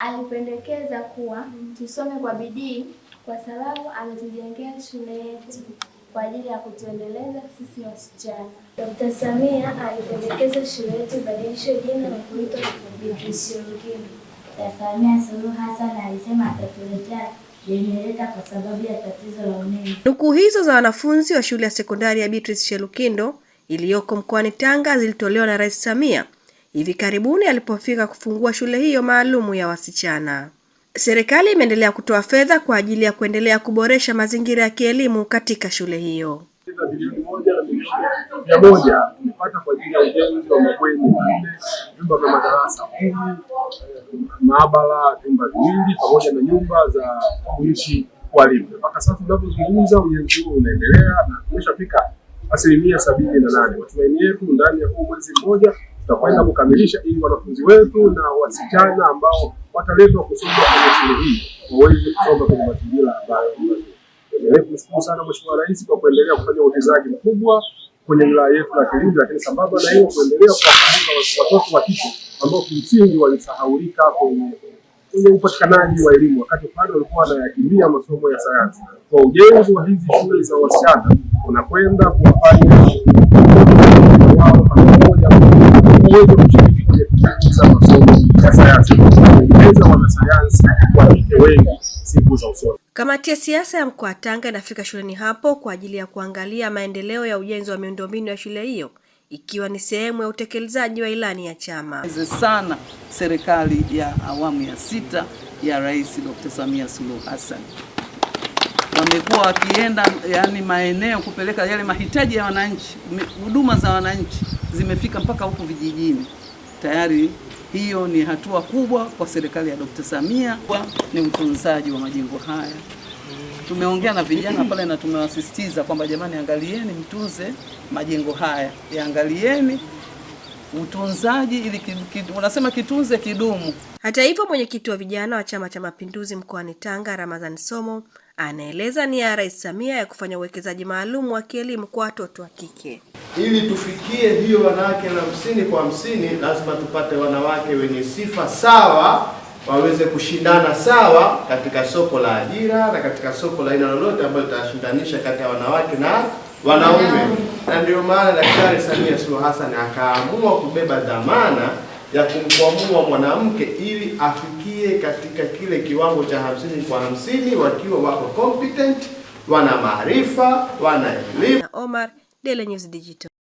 Alipendekeza kuwa mm. tusome kwa bidii kwa sababu ametujengea shule yetu kwa ajili ya kutuendeleza sisi wasichana. Dkt. Samia alipendekeza shule yetu ibadilishwe jina na kuitwa Bikisiolojia. Dkt. Samia Suluhu Hassan alisema atatuletea Nukuu hizo za wanafunzi wa shule ya sekondari ya Beatrice Shelukindo iliyoko mkoani Tanga zilitolewa na Rais Samia hivi karibuni alipofika kufungua shule hiyo maalumu ya wasichana. Serikali imeendelea kutoa fedha kwa ajili ya kuendelea kuboresha mazingira ya kielimu katika shule hiyo. Mia moja tumepata kwa ajili ya ujenzi wa mabweni, vyumba vya madarasa kumi, eh, maabara vyumba viwili, pamoja na nyumba za kuishi walimu. Mpaka sasa tunavyozungumza, ujenzi huo unaendelea na tumeshafika asilimia sabini na nane. Matumaini yetu ndani ya huu mwezi mmoja tutakwenda kukamilisha ili wanafunzi wetu na wasichana ambao wataletwa kusoma kwenye shule hii waweze kusoma kwenye mazingira ambayo endelee kumshukuru sana Mheshimiwa Rais kwa kuendelea kufanya uwekezaji mkubwa kwenye wilaya yetu ya Kilindi, lakini sambamba na hiyo kuendelea kuwakumbuka watoto wa kike ambao kimsingi walisahaulika kwenye kwenye upatikanaji wa elimu, wakati bado walikuwa wanayakimbia masomo ya sayansi. Kwa ujenzi wa hizi shule za wasichana unakwenda kuwafanya uweze kushiriki kwenye masomo ya sayansi kuongeza wanasayansi walike wengi siku za usoni. Kamati ya siasa ya mkoa wa Tanga inafika shuleni hapo kwa ajili ya kuangalia maendeleo ya ujenzi wa miundombinu ya shule hiyo ikiwa ni sehemu ya utekelezaji wa ilani ya chama. Sana serikali ya awamu ya sita ya Rais Dr. Samia Suluhu Hassan wamekuwa wakienda yani maeneo kupeleka yale mahitaji ya wananchi, huduma za wananchi zimefika mpaka huku vijijini tayari. Hiyo ni hatua kubwa kwa serikali ya Dr. Samia, kwa ni utunzaji wa majengo haya. Tumeongea na vijana pale na tumewasisitiza kwamba jamani, angalieni mtunze majengo haya, yaangalieni utunzaji ili unasema kitunze kidumu. Hata hivyo, mwenyekiti wa vijana wa Chama cha Mapinduzi mkoani Tanga, Ramadhan Somo, anaeleza nia ya Rais Samia ya kufanya uwekezaji maalum wa kielimu kwa watoto wa kike. Ili tufikie hiyo wanawake na hamsini kwa hamsini, lazima tupate wanawake wenye sifa sawa waweze kushindana sawa katika soko la ajira na katika soko la aina lolote ambayo itashindanisha kati ya wanawake na wanaume, na ndio maana Daktari Samia Suluhu Hassan akaamua kubeba dhamana ya kumkwamua mwanamke ili afikie katika kile kiwango cha hamsini kwa hamsini wakiwa wako competent, wana maarifa, wana elimu. Omar, Daily News Digital.